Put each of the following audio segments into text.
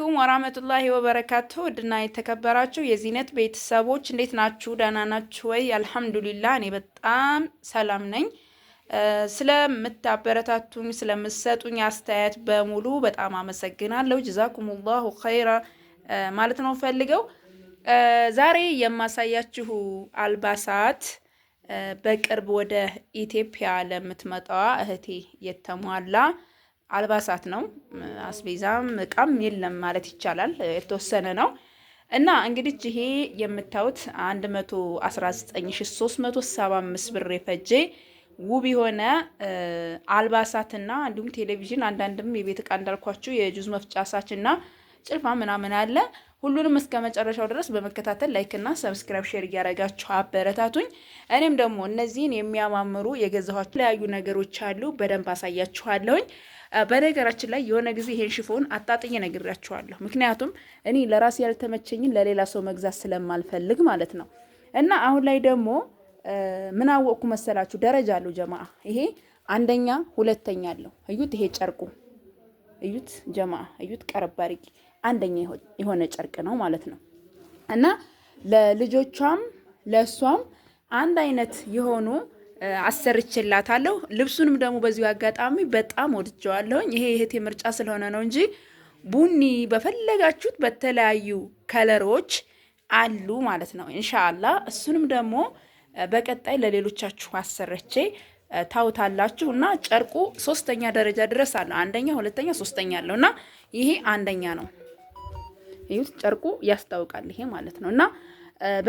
አለይኩም ወራህመቱላሂ ወበረካቱ ውድና የተከበራችሁ የዚህነት ቤተሰቦች እንዴት ናችሁ? ደህና ናችሁ ወይ? አልሐምዱሊላ እኔ በጣም ሰላም ነኝ። ስለምታበረታቱኝ ስለምሰጡኝ አስተያየት በሙሉ በጣም አመሰግናለሁ። ጀዛኩሙላሁ ኸይራ ማለት ነው ፈልገው ዛሬ የማሳያችሁ አልባሳት በቅርብ ወደ ኢትዮጵያ ለምትመጣዋ እህቴ የተሟላ አልባሳት ነው። አስቤዛም እቃም የለም ማለት ይቻላል። የተወሰነ ነው እና እንግዲህ ይሄ የምታዩት 119375 ብር የፈጀ ውብ የሆነ አልባሳትና እንዲሁም ቴሌቪዥን፣ አንዳንድም የቤት እቃ እንዳልኳችሁ የጁዝ መፍጫ ሳችና ጭልፋ ምናምን አለ። ሁሉንም እስከ መጨረሻው ድረስ በመከታተል ላይክና ሰብስክራይብ ሼር እያደረጋችሁ አበረታቱኝ። እኔም ደግሞ እነዚህን የሚያማምሩ የገዛኋቸው የተለያዩ ነገሮች አሉ፣ በደንብ አሳያችኋለሁኝ። በነገራችን ላይ የሆነ ጊዜ ይሄን ሽፎን አጣጥዬ ነግራችኋለሁ። ምክንያቱም እኔ ለራሴ ያልተመቸኝን ለሌላ ሰው መግዛት ስለማልፈልግ ማለት ነው። እና አሁን ላይ ደግሞ ምን አወቅኩ መሰላችሁ? ደረጃ አለው ጀማ። ይሄ አንደኛ ሁለተኛ አለው። እዩት፣ ይሄ ጨርቁ እዩት፣ ጀማ እዩት፣ ቀረብ አንደኛ የሆነ ጨርቅ ነው ማለት ነው እና ለልጆቿም ለእሷም አንድ አይነት የሆኑ አሰርችላታለሁ። ልብሱንም ደግሞ በዚሁ አጋጣሚ በጣም ወድጀዋለሁኝ። ይሄ የእህቴ ምርጫ ስለሆነ ነው እንጂ ቡኒ በፈለጋችሁት በተለያዩ ከለሮች አሉ ማለት ነው። እንሻላ እሱንም ደግሞ በቀጣይ ለሌሎቻችሁ አሰረቼ ታውታላችሁ እና ጨርቁ ሶስተኛ ደረጃ ድረስ አለው። አንደኛ፣ ሁለተኛ፣ ሶስተኛ አለው እና ይሄ አንደኛ ነው። ይሁት ጨርቁ ያስታውቃል። ይሄ ማለት ነው እና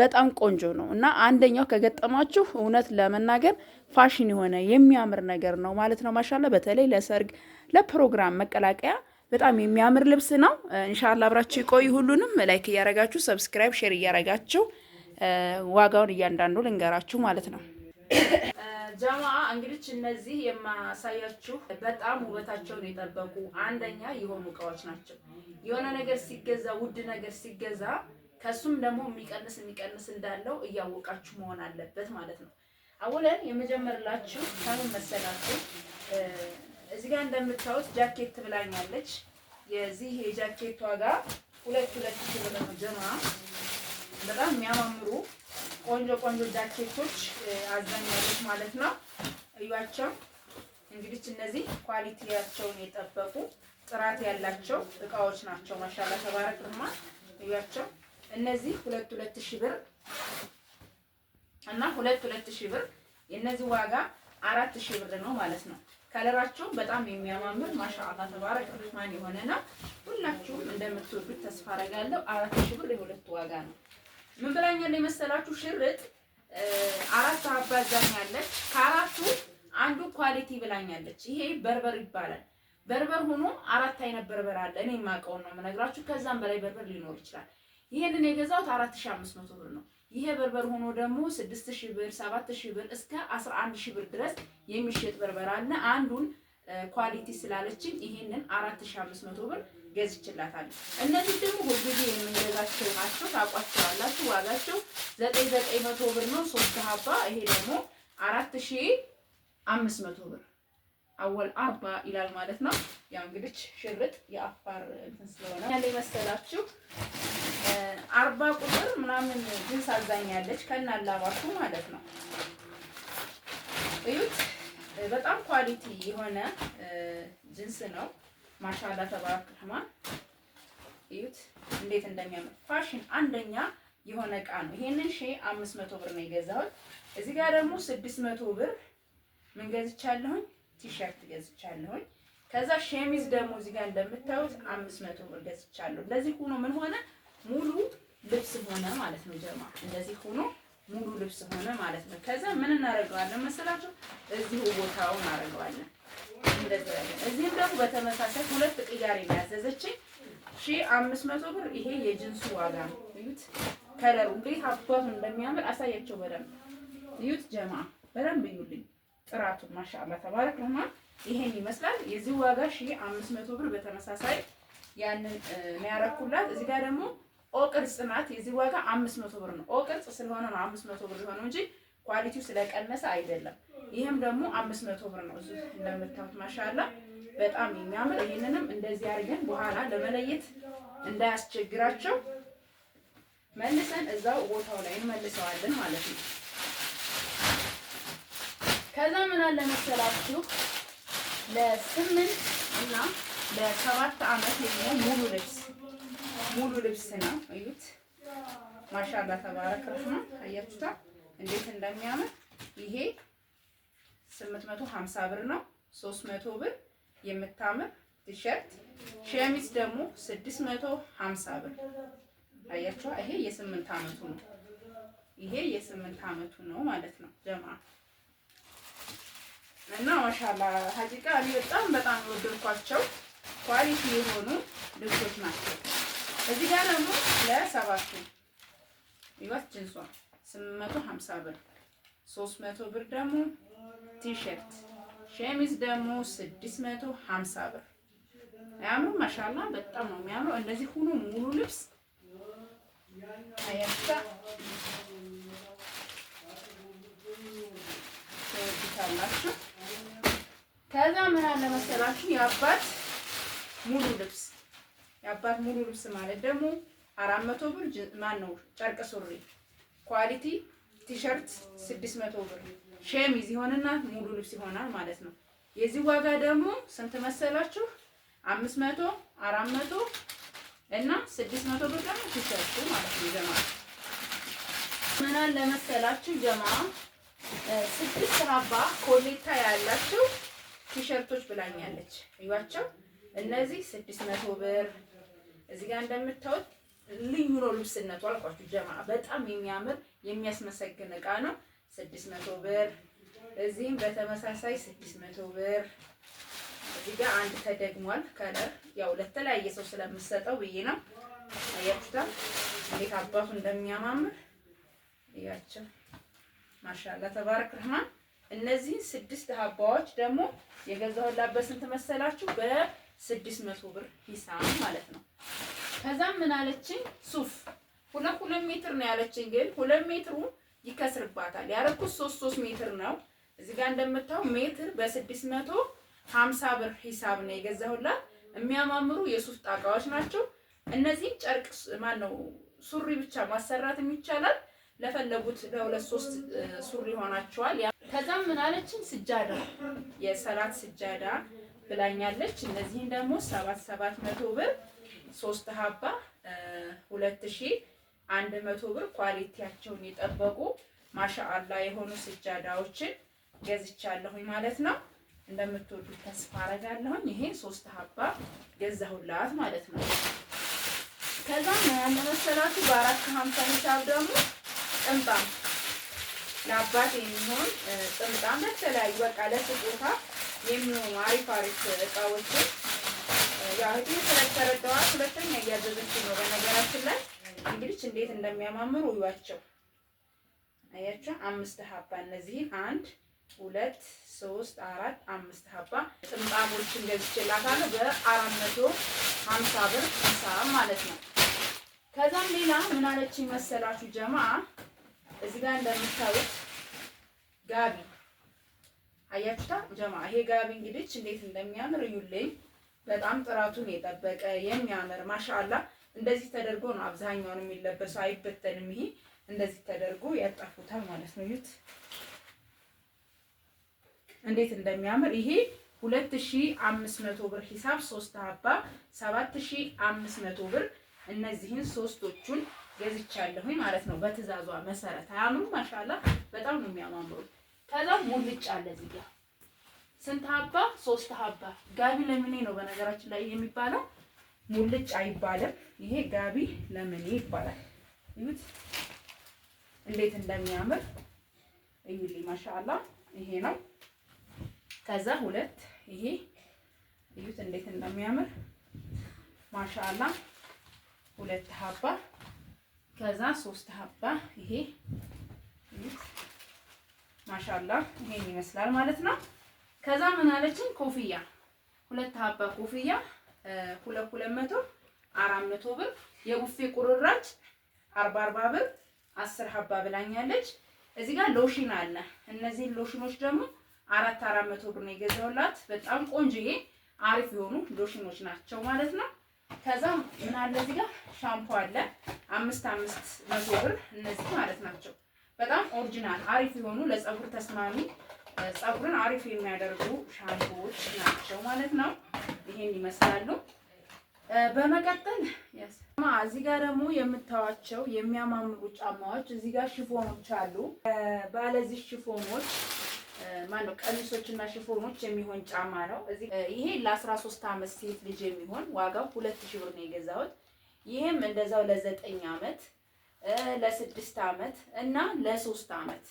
በጣም ቆንጆ ነው እና አንደኛው ከገጠማችሁ እውነት ለመናገር ፋሽን የሆነ የሚያምር ነገር ነው ማለት ነው። ማሻላ በተለይ ለሰርግ ለፕሮግራም መቀላቀያ በጣም የሚያምር ልብስ ነው። እንሻላ አብራችሁ ይቆይ። ሁሉንም ላይክ እያረጋችሁ ሰብስክራይብ፣ ሼር እያረጋችሁ ዋጋውን እያንዳንዱ ልንገራችሁ ማለት ነው። ጀማ እንግዲህ እነዚህ የማሳያችሁ በጣም ውበታቸውን የጠበቁ አንደኛ የሆኑ እቃዎች ናቸው። የሆነ ነገር ሲገዛ ውድ ነገር ሲገዛ ከሱም ደግሞ የሚቀንስ የሚቀንስ እንዳለው እያወቃችሁ መሆን አለበት ማለት ነው። አውለን የመጀመርላችሁ ከምን መሰላችሁ? እዚህ ጋር እንደምታዩት ጃኬት ብላኛለች። የዚህ የጃኬት ዋጋ ሁለት ሁለት ኪሎ ነው ጀማ በጣም የሚያማምሩ ቆንጆ ቆንጆ ጃኬቶች አዘኛለች ማለት ነው። እያቸው እንግዲህ እነዚህ ኳሊቲያቸውን የጠበቁ ጥራት ያላቸው እቃዎች ናቸው። ማሻላ ተባረክ እያቸው እነዚህ ሁለት ሁለት ሺህ ብር እና ሁለት ሁለት ሺህ ብር የእነዚህ ዋጋ አራት ሺህ ብር ነው ማለት ነው። ከለራቸው በጣም የሚያማምር ማሻአላ ተባረክ ረህማን የሆነ ነው። ሁላችሁም እንደምትወዱት ተስፋ አደርጋለሁ። አራት ሺህ ብር የሁለቱ ዋጋ ነው። ምን ብላኛል የመሰላችሁ ሽርጥ አራት አባዛኛለች። ከአራቱ አንዱ ኳሊቲ ብላኛለች። ይሄ በርበር ይባላል። በርበር ሆኖ አራት አይነት በርበር አለ። እኔ የማውቀውን ነው የምነግራችሁ። ከዛም በላይ በርበር ሊኖር ይችላል። ይሄንን የገዛሁት 4500 ብር ነው። ይሄ በርበር ሆኖ ደግሞ 6000 ብር፣ 7000 ብር እስከ 11000 ብር ድረስ የሚሸጥ በርበር አለ። አንዱን ኳሊቲ ስላለችኝ ይሄንን 4500 ብር ገዝችላታለሁ። እነዚህ ደግሞ ሁልጊዜ የምንገዛቸው ናቸው፣ ታውቋቸዋላችሁ። ዋጋቸው ዘጠኝ ዘጠኝ መቶ ብር ነው ሶስት ሀባ። ይሄ ደግሞ አራት ሺ አምስት መቶ ብር አወል አባ ይላል ማለት ነው። ያው እንግዲህ ሽርጥ የአፋር እንትን ስለሆነ ያለ መሰላችሁ አርባ ቁጥር ምናምን አዛኛለች ከና ከናላባቱ ማለት ነው። እዩት በጣም ኳሊቲ የሆነ ጅንስ ነው። ማሻላ ተባረክ ረህማን እዩት እንዴት እንደሚያምር ፋሽን አንደኛ የሆነ እቃ ነው። ይሄንን ሺህ አምስት መቶ ብር ነው የገዛሁት። እዚህ ጋር ደግሞ ስድስት መቶ ብር ምን ገዝቻለሁኝ? ቲሸርት ገዝቻለሁኝ። ከዛ ሸሚዝ ደግሞ እዚህ ጋር እንደምታዩት አምስት መቶ ብር ገዝቻለሁ። እንደዚህ ሆኖ ምን ሆነ ሙሉ ልብስ ሆነ ማለት ነው ጀማ። እንደዚህ ሆኖ ሙሉ ልብስ ሆነ ማለት ነው። ከዛ ምን እናደርገዋለን መሰላችሁ? እዚሁ ቦታው እናደርገዋለን እዚህም ደግሞ በተመሳሳይ ሁለት ቅያሬ ያዘዘችኝ ሺህ አምስት መቶ ብር። ይሄ የጅንሱ ዋጋ ነው። እዩት ከለሩ እንግዲህ አባቱ እንደሚያምር አሳያቸው በደንብ እዩት ጀማ በደንብ እዩልኝ ጥራቱ ማሻአላ ተባረክ ረህማን ይሄን ይመስላል። የዚህ ዋጋ ሺህ አምስት መቶ ብር። በተመሳሳይ ያንን ያረኩላት። እዚህ ጋር ደግሞ ኦ ቅርጽ ናት። የዚህ ዋጋ አምስት መቶ ብር ነው። ኦ ቅርጽ ስለሆነ ነው አምስት መቶ ብር የሆነው እንጂ ኳሊቲው ስለቀነሰ አይደለም። ይህም ደግሞ አምስት መቶ ብር ነው። እዚህ እንደምታዩት ማሻላ በጣም የሚያምር ይህንንም እንደዚህ አድርገን በኋላ ለመለየት እንዳያስቸግራቸው መልሰን እዛው ቦታው ላይ እንመልሰዋለን ማለት ነው። ከዛ ምን አለ መሰላችሁ ለስምንት እና ለሰባት አመት የሚሆን ሙሉ ልብስ ሙሉ ልብስ ነው። እዩት ማሻላ ተባረክ ነው። አያችሁታ እንዴት እንደሚያምር ይሄ 850 ብር ነው። 300 ብር የምታምር ቲሸርት። ሸሚዝ ደግሞ 650 ብር አያችሁ። ይሄ የ8 አመቱ ነው። ይሄ የ8 አመቱ ነው ማለት ነው ጀማ እና ማሻላ ሀቂቃ እኔ በጣም በጣም ወደድኳቸው። ኳሊቲ የሆኑ ልብሶች ናቸው። እዚህ ጋር ደግሞ ለሰባቱ ይዋስ ጅንሷ 850 ብር 300 ብር ደግሞ ቲሸርት ሸሚዝ ደግሞ 650 ብር። አያምሩ ማሻላ በጣም ነው የሚያምረው። እንደዚህ ሁሉ ሙሉ ልብስ አያታ ትወዱታላችሁ። ከዛ ምን አለ መሰላችሁ የአባት ሙሉ ልብስ የአባት ሙሉ ልብስ ማለት ደግሞ አራት መቶ ብር ማን ነው ጨርቅ ሱሪ ኳሊቲ ቲሸርት 600 ብር ሸሚዝ ይሆንና ሙሉ ልብስ ይሆናል ማለት ነው። የዚህ ዋጋ ደግሞ ስንት መሰላችሁ? 500፣ 400 እና 600 ብር ደግሞ ቲሸርቱ ማለት ነው። ጀማ ምን አለ መሰላችሁ ጀማ ስድስት ሀባ ኮሌታ ያላችሁ ቲሸርቶች ብላኛለች። እዩዋቸው። እነዚህ 600 ብር እዚህ ጋር እንደምታዩት ልዩ ነው ልብስነቱ። አልኳችሁ ጀማ በጣም የሚያምር የሚያስመሰግን እቃ ነው። ስድስት መቶ ብር። እዚህም በተመሳሳይ ስድስት መቶ ብር። እዚህ ጋር አንድ ተደግሟል። ከለር ያው ለተለያየ ሰው ስለምሰጠው ብዬ ነው። አያችሁታ እንዴት አባቱ እንደሚያማምር እያቸው። ማሻላ ተባረክ ረህማን። እነዚህን ስድስት ሀባዎች ደግሞ የገዛሁላት በስንት መሰላችሁ? በስድስት መቶ ብር ሂሳብ ማለት ነው። ከዛም ምን አለችኝ ሱፍ ሁለት ሁለት ሜትር ነው ያለችኝ። ግን ሁለት ሜትሩ ይከስርባታል። ያረኩት ሶስት ሶስት ሜትር ነው። እዚህ ጋር እንደምታው ሜትር በስድስት መቶ ሀምሳ ብር ሂሳብ ነው የገዛሁላት። የሚያማምሩ የሱፍ ጣቃዎች ናቸው። እነዚህ። ጨርቅ ማን ነው ሱሪ ብቻ ማሰራት ይቻላል። ለፈለጉት ለሁለት ሶስት ሱሪ ሆናቸዋል። ከዛም ምን አለችኝ ስጃዳ የሰላት ስጃዳ ብላኛለች። እነዚህን ደግሞ ሰባት ሰባት መቶ ብር ሶስት ሀባ ሁለት ሺ አንድ መቶ ብር ኳሊቲያቸውን የጠበቁ ማሻአላ የሆኑ ስጃዳዎችን ገዝቻለሁኝ ማለት ነው። እንደምትወዱት ተስፋ አረጋለሁኝ። ይሄ ሶስት ሀባ ገዛሁላት ማለት ነው። ከዛም ያን መሰላችሁ በአራት ከሀምሳ ሂሳብ ደግሞ ጥምጣም ለአባት የሚሆን ጥምጣም ለተለያዩ በቃ ለስጦታ የሚሆኑ አሪፍ አሪፍ እቃዎችን ያው ስለተረዳዋ ሁለተኛ እያዘዘች ነው። በነገራችን ላይ እንግዲህ እንዴት እንደሚያማምሩ እዩዋቸው። አያችሁ አምስት ሀባ እነዚህን አንድ ሁለት ሶስት አራት አምስት ሀባ ጥምጣሞችን ገዝቼላታለሁ በአራት መቶ ሀምሳ ብር ሂሳብ ማለት ነው። ከዛም ሌላ ምን አለችኝ መሰላችሁ ጀማ እዚህ ጋር እንደምታዩት ጋቢ አያችሁታ ጀማ። ይሄ ጋቢ እንግዲህ እንዴት እንደሚያምር እዩልኝ። በጣም ጥራቱን የጠበቀ የሚያምር ማሻአላ እንደዚህ ተደርጎ ነው አብዛኛውን የሚለበሰው። አይበተንም። ይሄ እንደዚህ ተደርጎ ያጠፉታል ማለት ነው። ዩት እንዴት እንደሚያምር ይሄ 2500 ብር ሂሳብ 3 አባ 7500 ብር። እነዚህን ሶስቶቹን ገዝቻለሁኝ ማለት ነው በትዕዛዟ መሰረት። አያምሩ ማሻአላ በጣም ነው የሚያማምሩ። ከዛ ሙልጭ አለ እዚህ ጋር ስንት ሀባ? ሶስት ሀባ። ጋቢ ለምኔ ነው በነገራችን ላይ የሚባለው፣ ሙልጭ አይባልም። ይሄ ጋቢ ለምኔ ይባላል። እዩት እንዴት እንደሚያምር እዩልኝ። ማሻአላ ይሄ ነው። ከዛ ሁለት ይሄ እዩት እንዴት እንደሚያምር ማሻአላ ሁለት ሀባ ከዛ ሶስት ሀባ ይሄ ማሻአላ ይሄን ይመስላል ማለት ነው። ከዛ ምን አለችን ኮፍያ ሁለት ሀባ ኮፍያ ሁለት ሁለት መቶ አራት መቶ ብር የቡፌ ቁርራጭ አርባ አርባ ብር አስር ሀባ ብላኛለች። እዚህ ጋር ሎሽን አለ። እነዚህን ሎሽኖች ደግሞ አራት አራት መቶ ብር ነው የገዛሁላት። በጣም ይሄ አሪፍ የሆኑ ሎሽኖች ናቸው ማለት ነው። ከዛ ምን አለ እዚህ ጋር ሻምፖ አለ አምስት አምስት መቶ ብር እነዚህ ማለት ናቸው። በጣም ኦሪጂናል አሪፍ የሆኑ ለፀጉር ተስማሚ ፀጉርን አሪፍ የሚያደርጉ ሻምፖዎች ናቸው ማለት ነው። ይሄን ይመስላሉ። በመቀጠል እዚህ ጋር ደግሞ የምታዋቸው የሚያማምሩ ጫማዎች እዚህ ጋር ሽፎኖች አሉ። ባለዚህ ሽፎኖች ማነው ቀሚሶች እና ሽፎኖች የሚሆን ጫማ ነው። ይሄ ለ13 አመት ሴት ልጅ የሚሆን ዋጋው ሁለት ሺህ ብር ነው የገዛሁት። ይህም እንደዛው ለዘጠኝ አመት ለስድስት አመት እና ለሶስት አመት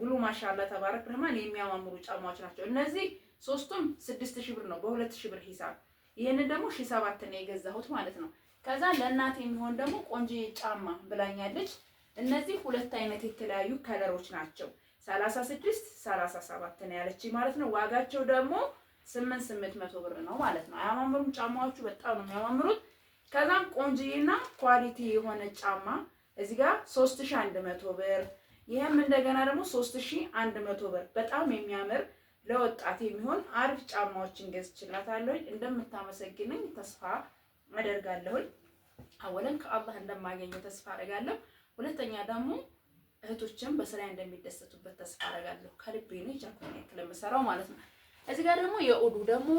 ጉሉ ማሻላ ተባረክ ረህማን የሚያማምሩ ጫማዎች ናቸው። እነዚህ ሶስቱም ስድስት ሺህ ብር ነው በሁለት ሺህ ብር ሂሳብ። ይህንን ደግሞ ሺህ ሰባት ነው የገዛሁት ማለት ነው። ከዛ ለእናት የሚሆን ደግሞ ቆንጆ ጫማ ብላኛለች። እነዚህ ሁለት አይነት የተለያዩ ከለሮች ናቸው። ሰላሳ ስድስት ሰላሳ ሰባት ነው ያለች ማለት ነው። ዋጋቸው ደግሞ ስምንት ስምንት መቶ ብር ነው ማለት ነው። አያማምሩም? ጫማዎቹ በጣም ነው የሚያማምሩት። ከዛም ቆንጅዬና ኳሊቲ የሆነ ጫማ እዚህ ጋር ሶስት ሺህ አንድ መቶ ብር ይህም እንደገና ደግሞ 3100 ብር በጣም የሚያምር ለወጣት የሚሆን አሪፍ ጫማዎችን ገዝችላታለሁኝ። እንደምታመሰግነኝ ተስፋ አደርጋለሁኝ። አወለን ከአላህ እንደማገኘ ተስፋ አደርጋለሁ። ሁለተኛ ደግሞ እህቶችም በስራ እንደሚደሰቱበት ተስፋ አደርጋለሁ። ከልቤ ነው የቻልኩትን ያክል ማለት ነው። እዚህ ጋር ደግሞ የኦዱ ደግሞ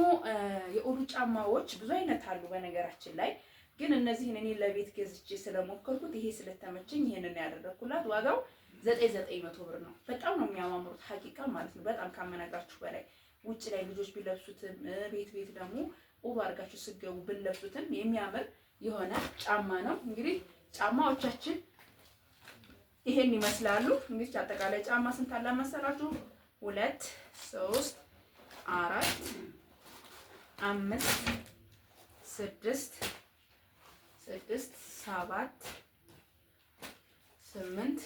የኦዱ ጫማዎች ብዙ አይነት አሉ። በነገራችን ላይ ግን እነዚህን እኔ ለቤት ገዝቼ ስለሞከርኩት ይሄ ስለተመቸኝ ይሄንን ያደረግኩላት ዋጋው ዘጠኝ ዘጠኝ መቶ ብር ነው። በጣም ነው የሚያማምሩት ሀቂቃ ማለት ነው። በጣም ካመናግራችሁ በላይ ውጭ ላይ ልጆች ቢለብሱትም ቤት ቤት ደግሞ ውብ አድርጋችሁ ስገቡ ብለብሱትም የሚያምር የሆነ ጫማ ነው። እንግዲህ ጫማዎቻችን ይሄን ይመስላሉ። እንግዲህ አጠቃላይ ጫማ ስንት አለ መሰላችሁ? ሁለት፣ ሶስት፣ አራት፣ አምስት፣ ስድስት ስድስት ሰባት ስምንት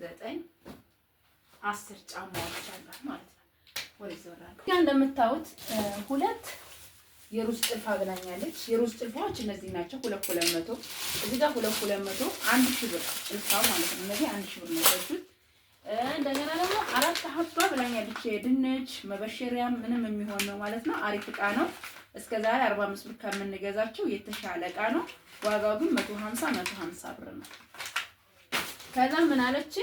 ዘጠኝ አስር ጫማዎች አሏት ማለት ነው። ወደዛ ጋ እንደምታዩት ሁለት የሩዝ ጥልፍ አገናኛለች። የሩዝ ጥልፎች እነዚህ ናቸው። ሁለት ሁለት መቶ እዚህ ጋር ሁለት ሁለት መቶ አንድ ሺህ ብር ጥልፋ ማለት ነው። እነዚህ አንድ ሺህ ብር ነው። እንደገና ደግሞ አራት ሀባ ብላኛለች። የድንች መበሸሪያ ምንም የሚሆን ነው ማለት ነው። አሪፍ እቃ ነው። እስከ ዛሬ 45 ብር ከምንገዛቸው የተሻለ እቃ ነው። ዋጋው ግን 150 150 ብር ነው። ከዛ ምን አለች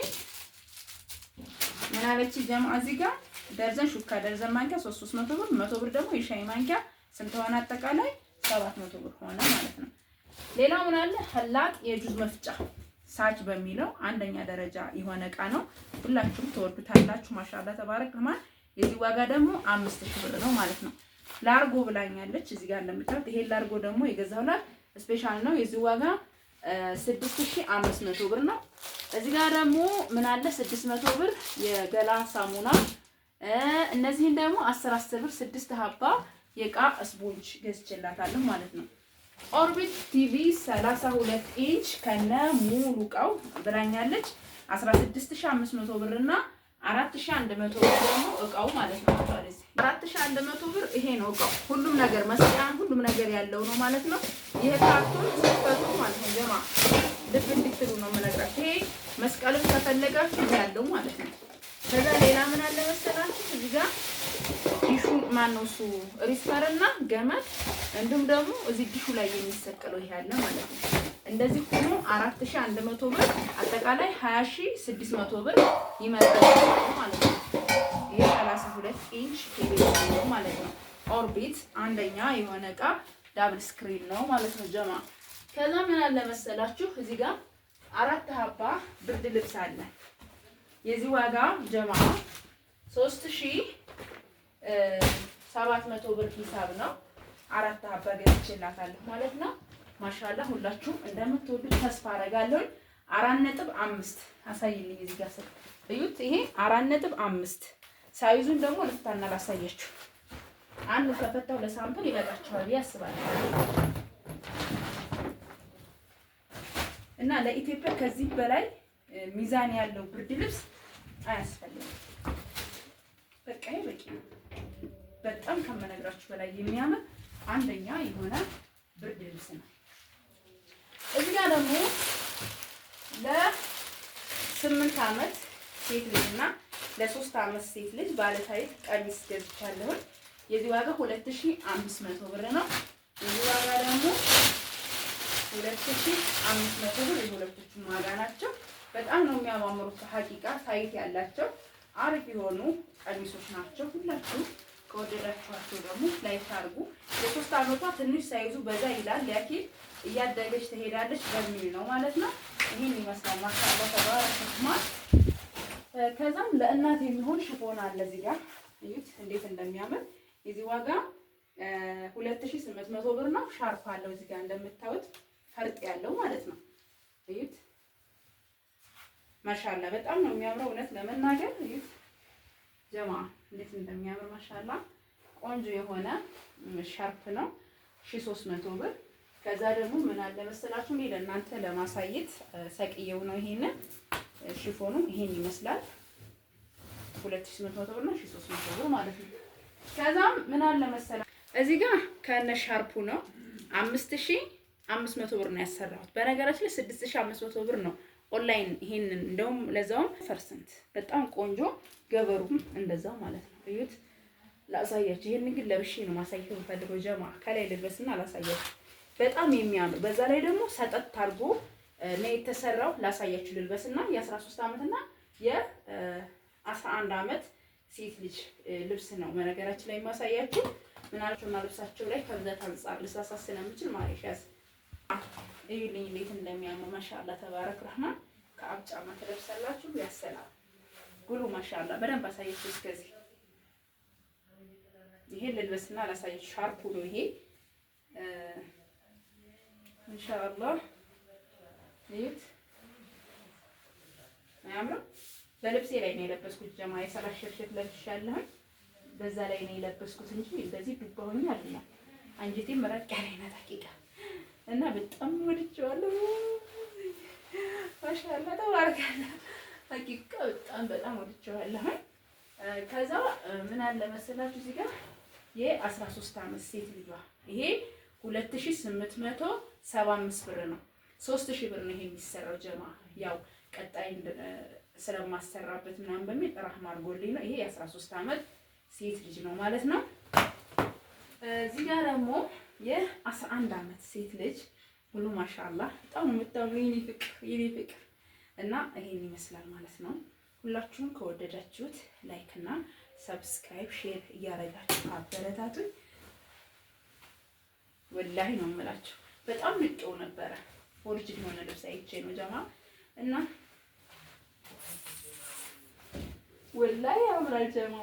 ምን አለች ጀማ እዚህ ጋር ደርዘን ሹካ ደርዘን ማንኪያ 300 ብር፣ 100 ብር ደግሞ የሻይ ማንኪያ ስንት ሆነ? አጠቃላይ 700 ብር ሆነ ማለት ነው። ሌላው ምን አለ ሀላቅ የጁዝ መፍጫ ሳች በሚለው አንደኛ ደረጃ የሆነ እቃ ነው። ሁላችሁም ትወዱታላችሁ። ማሻአላ ተባረክ ለማን የዚህ ዋጋ ደግሞ 5000 ብር ነው ማለት ነው። ላርጎ ብላኛለች እዚህ ጋር ለምታት ይሄ ላርጎ ደግሞ የገዛሁላት ስፔሻል ነው። የዚህ ዋጋ ስድስት ሺህ አምስት መቶ ብር ነው። እዚህ ጋር ደግሞ ምን አለ ስድስት መቶ ብር የገላ ሳሙና እነዚህን ደግሞ አስር አስር ብር ስድስት ሀባ የእቃ ስፖንጅ ገዝቼላታለሁ ማለት ነው። ኦርቢት ቲቪ 32 ኢንች ከነ ሙሉ እቃው ብላኛለች 16500 ብር እና 4100 ብር ደግሞ እቃው ማለት ነው። 4100 ብር ይሄ ነው እቃው ሁሉም ነገር መስሪያን ሁሉም ነገር ያለው ነው ማለት ነው። ይሄ ካርቶን ስፈቱ ማለት ነው። ጀማ ልብ እንድትሉ ነው የምነግራችሁ። ይሄ መስቀልም ከፈለጋችሁ ያለው ማለት ነው። ከዛ ሌላ ምን አለ መሰላችሁ እዚህ ጋር ዲሹ ማነው እሱ ሪስፐር እና ገመድ እንዲሁም ደግሞ እዚህ ዲሹ ላይ የሚሰቀለው ይሄ አለ ማለት ነው። እንደዚህ ሆኖ 4100 ብር አጠቃላይ 20600 ብር ይመጣል ማለት ነው። ይሄ 32 ኢንች ቴሌቪዥን ማለት ነው። ኦርቢት አንደኛ የሆነ እቃ ዳብል ስክሪን ነው ማለት ነው ጀማ። ከዛ ምን አለ መሰላችሁ እዚህ ጋር አራት ሀባ ብርድ ልብስ አለ። የዚህ ዋጋ ጀማ 3700 ብር ሂሳብ ነው። አራት ሀባ ገዝቼላታለሁ ማለት ነው። ማሻላ ሁላችሁም እንደምትወዱ ተስፋ አደርጋለሁ። አራት ነጥብ አምስት አሳይልኝ እዚህ ጋር እዩት። ይሄ አራት ነጥብ አምስት ሳይዙን ደግሞ ልፍታና ላሳያችሁ አንዱ ከፈታው ለሳምፕል ይበቃቸዋል ብዬ አስባለሁ። እና ለኢትዮጵያ ከዚህ በላይ ሚዛን ያለው ብርድ ልብስ አያስፈልግም። በቃ ይሄ በቂ ነው። በጣም ከመነግራችሁ በላይ የሚያምር አንደኛ የሆነ ብርድ ልብስ ነው። እዚህ ጋር ደግሞ ለስምንት ዓመት ሴት ልጅ እና ለሶስት ዓመት ሴት ልጅ ባለታይት ቀሚስ ገዝቻለሁኝ። የዚህ ዋጋ 2500 ብር ነው። የዚህ ዋጋ ደግሞ 2500 ብር። የሁለቶቹም ዋጋ ናቸው። በጣም ነው የሚያማምሩት። ሀቂቃ ሳይት ያላቸው አሪፍ የሆኑ ቀሚሶች ናቸው። ሁላችሁም ከወደዳችኋቸው ደግሞ ላይክ አድርጉ። የሶስት አመቷ ትንሽ ሳይዙ በዛ ይላል ያኪ እያደገች ትሄዳለች በሚል ነው ማለት ነው። ይህን ይመስላል ማሻላ ተባረክማ። ከዛም ለእናት የሚሆን ሽፎን አለ እዚህ ጋር እንዴት እንደሚያምር የዚህ ዋጋ 2800 ብር ነው። ሻርፕ አለው እዚህ ጋር እንደምታዩት ፈርጥ ያለው ማለት ነው። እዩት ማሻላ በጣም ነው የሚያምረው። እውነት ለመናገር እዩት ጀማ እንዴት እንደሚያምር ማሻላ። ቆንጆ የሆነ ሻርፕ ነው 1300 ብር። ከዛ ደግሞ ምን አለ መሰላችሁ እኔ ለእናንተ ለማሳየት ሰቅየው ነው ይሄንን ሽፎኑ ይሄን ይመስላል 2800 ብር ነው 1300 ብር ማለት ነው። ከዛም ምን አለ መሰለ እዚህ ጋር ከነ ሻርፑ ነው አምስት ሺ አምስት መቶ ብር ነው ያሰራሁት። በነገራችን ላይ ስድስት ሺ አምስት መቶ ብር ነው ኦንላይን ይሄንን እንደውም ለዛውም ፐርሰንት በጣም ቆንጆ ገበሩም እንደዛው ማለት ነው። እዩት ላሳያችሁ። ይሄን ግን ለብሼ ነው ማሳየት የምፈልገው ጀማ ከላይ ልልበስና ላሳያችሁ። በጣም የሚያምር በዛ ላይ ደግሞ ሰጠት አድርጎ ነው የተሰራው። ላሳያችሁ ልልበስና የ13 ዓመት እና የ11 ዓመት ሴት ልጅ ልብስ ነው በነገራችን ላይ የማሳያችሁ። ምናቸውና ልብሳቸው ላይ ከብዛት አንጻር ልሳሳ ስለምችል ማሬሻስ እዩልኝ እንዴት እንደሚያምር ማሻላ ተባረክ ረህማን። ከአብ ጫማ ትለብሳላችሁ። ያሰላም ጉሉ ማሻላ በደንብ አሳያችሁ። እስከዚህ ይሄ ልልበስና ላሳያችሁ። ሻርፑ ነው ይሄ ኢንሻአላህ። ይሄት አያምርም? በልብሴ ላይ ነው የለበስኩት። ጀማ የሰራ ሸርሸት ለብሻለሁኝ በዛ ላይ ነው የለበስኩት እንጂ በዚህ ዱባ ሆኝ አይደለም። አንጀቴም መራቅ ያለ ነው እና በጣም ወድጄዋለሁ። ማሻአላ ተባረካለ። ታቂቃ በጣም በጣም ወድጄዋለሁ። ከዛ ምን አለ መሰላችሁ እዚህ ጋር የ13 ዓመት ሴት ልጇ ይሄ 2875 ብር ነው። 3000 ብር ነው ይሄ የሚሰራው ጀማ ያው ቀጣይ ስለማሰራበት ምናምን በሚል ራህማ አድርጎልኝ ነው። ይሄ የአስራ ሶስት ዓመት ሴት ልጅ ነው ማለት ነው። እዚህ ጋር ደግሞ የአስራ አንድ አመት ሴት ልጅ ሁሉ ማሻላ በጣም የምታምሩ የኔ ፍቅር የኔ ፍቅር እና ይሄን ይመስላል ማለት ነው። ሁላችሁም ከወደዳችሁት ላይክ እና ሰብስክራይብ ሼር እያደረጋችሁ አበረታቱኝ። ወላሂ ነው የምላችሁ በጣም ንቄው ነበረ ኦሪጅን የሆነ ልብስ አይቼ ነው ጀማ እና ወላሂ ያምራል ጀማ